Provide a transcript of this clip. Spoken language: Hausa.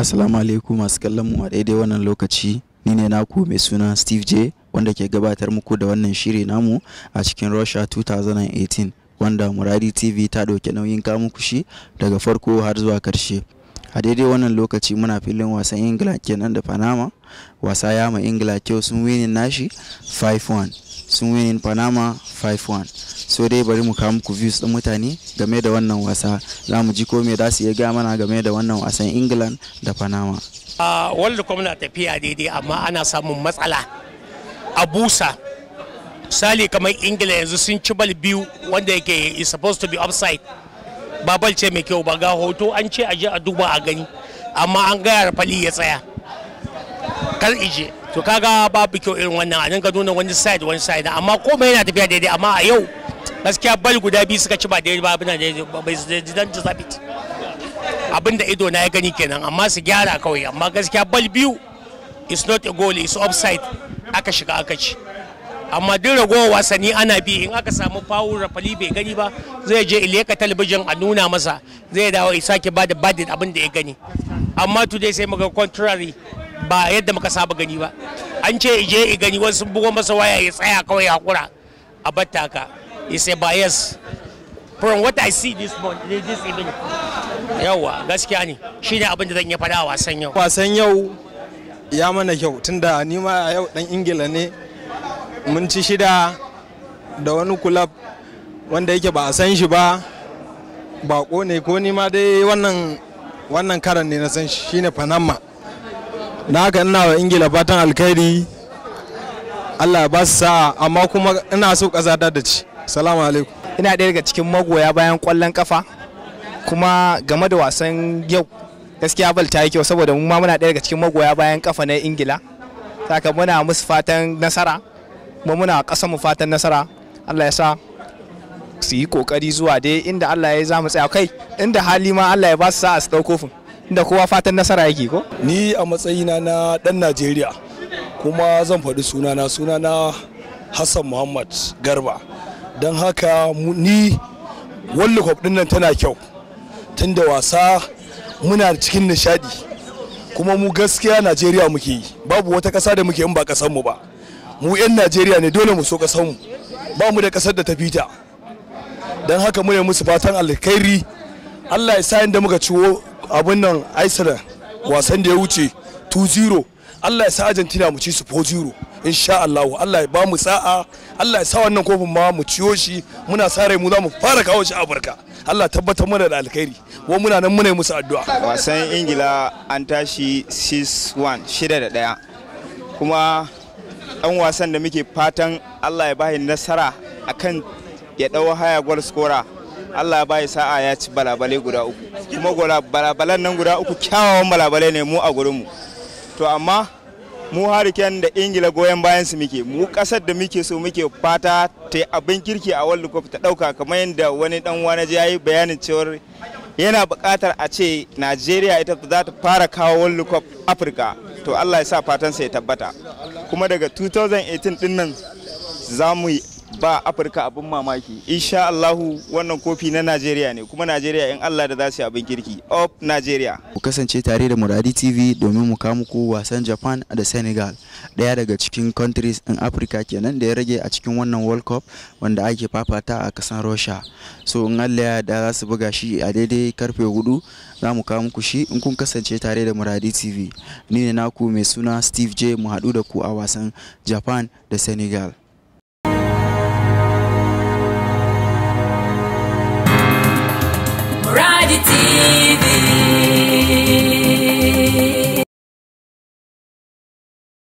Assalamu alaikum masu kallon mu a daidai wannan lokaci ni ne naku mai suna Steve J wanda ke gabatar muku da wannan shiri namu a cikin Russia 2018 wanda Muradi TV ta ɗauki nauyin kamun kushi daga farko har zuwa ƙarshe. a daidai wannan lokaci muna filin wasan ingila kenan da panama wasa ya ma ingila kyau sun winin nashi 5-1 sun winin panama 5-1 so dai bari mu kawo ku views din mutane game da wannan wasa za mu ji ko me za su iya gaya mana game da wannan wasan england da panama uh, kuma cup na tafiya daidai amma ana samun matsala a busa sali kamar ingila yanzu sun ci bal biyu wanda yake is supposed to be upside babal ce mai kyau ba ga hoto an ce a je a duba a gani amma an gaya fali ya tsaya kar ije to kaga babu kyau irin wannan a nan ga nuna wani side wani side amma komai yana tafiya daidai amma a yau gaskiya bal guda biyu suka ci ba daidai ba abin da bai zidan ta zabit abin da ido na ya gani kenan amma su gyara kawai amma gaskiya bal biyu is not a goal is offside aka shiga aka ci amma duk ragowa wasanni ana bi in aka samu fawo rafali bai gani ba zai je ileka talabijin a nuna masa zai dawo ya sake bada badin abin da ya gani amma dai sai muka contrary ba yadda muka saba gani ba an ce ije i gani wasu bugo masa waya ya tsaya kawai hakura a battaka ka ya sai ba yes from what i see this month this evening yawa gaskiya ne shine abin da zan iya faɗa a wasan yau wasan yau ya mana kyau tunda ni ma yau dan ingila ne mun ci shida da wani kulab wanda yake ba a san shi ba bako ne ko ni ma dai wannan karan ne na san shi shine panama na haka ina wa ingila fatan alkhairi allah ba su sa'a amma kuma ina so ƙasa ta da ci salamu alaikum ina ɗaya daga cikin magoya bayan ƙwallon kafa kuma game da wasan yau gaskiya bal ta yi kyau saboda mu ma muna ɗaya daga cikin magoya bayan kafa na ingila saka muna musu fatan nasara kuma muna ƙasa mu fatan nasara Allah ya sa su yi kokari zuwa dai inda Allah ya mu tsaya kai inda hali ma Allah ya ba su sa'a su dauko kofin inda kowa fatan nasara yake ko ni a matsayina na dan Najeriya kuma zan faɗi sunana sunana Hassan Muhammad Garba don haka ni wallo kwab din nan tana kyau tunda wasa muna cikin nishaɗi kuma mu gaskiya Najeriya muke yi babu wata ƙasa da muke in ba ƙasar mu ba mu 'yan najeriya ne dole mu so mu ba mu da kasar da ta fita don haka mu ne musu fatan alkhairi allah ya sayan da muka ciwo abin nan iceland wasan da ya wuce 2-0 allah ya sa argentina mu ci su 4-0 insha allahu allah ya ba mu sa'a allah ya sa wannan kofin ma mu ciyo shi muna sa rai mu za mu fara kawo shi afirka allah tabbatar mana da alkhairi wa muna nan muna musu addu'a wasan ingila an tashi 6-1 6 da 1 kuma dan wasan da muke fatan Allah ya bayi nasara akan ya dawo haya gol skora Allah ya bayi sa'a ya ci balabale guda uku kuma balabalan nan guda uku kyawawan balabale ne mu a gurin mu to amma mu hariken da ingila goyon bayan su muke mu kasar da muke so muke fata ta abin kirki a world cup ta dauka kamar yadda wani dan wani ya yi bayanin cewar yana bukatar a ce najeriya ita za ta fara kawo world cup afirka to Allah ya sa fatansa ya tabbata kuma daga 2018 din nan za mu ba afirka abin mamaki insha allahu wannan kofi na najeriya ne kuma najeriya in allah da za su yi abin kirki up najeriya ku kasance tare da muradi tv domin mu kamu muku wasan japan da senegal daya daga cikin countries in afirka kenan da ya rage a cikin wannan world cup wanda ake fafata a kasan russia so in allah ya da za su buga shi a daidai karfe hudu za mu kawo muku shi in kun kasance tare da muradi tv ni ne naku mai suna steve j mu haɗu da ku a wasan japan da senegal The TV.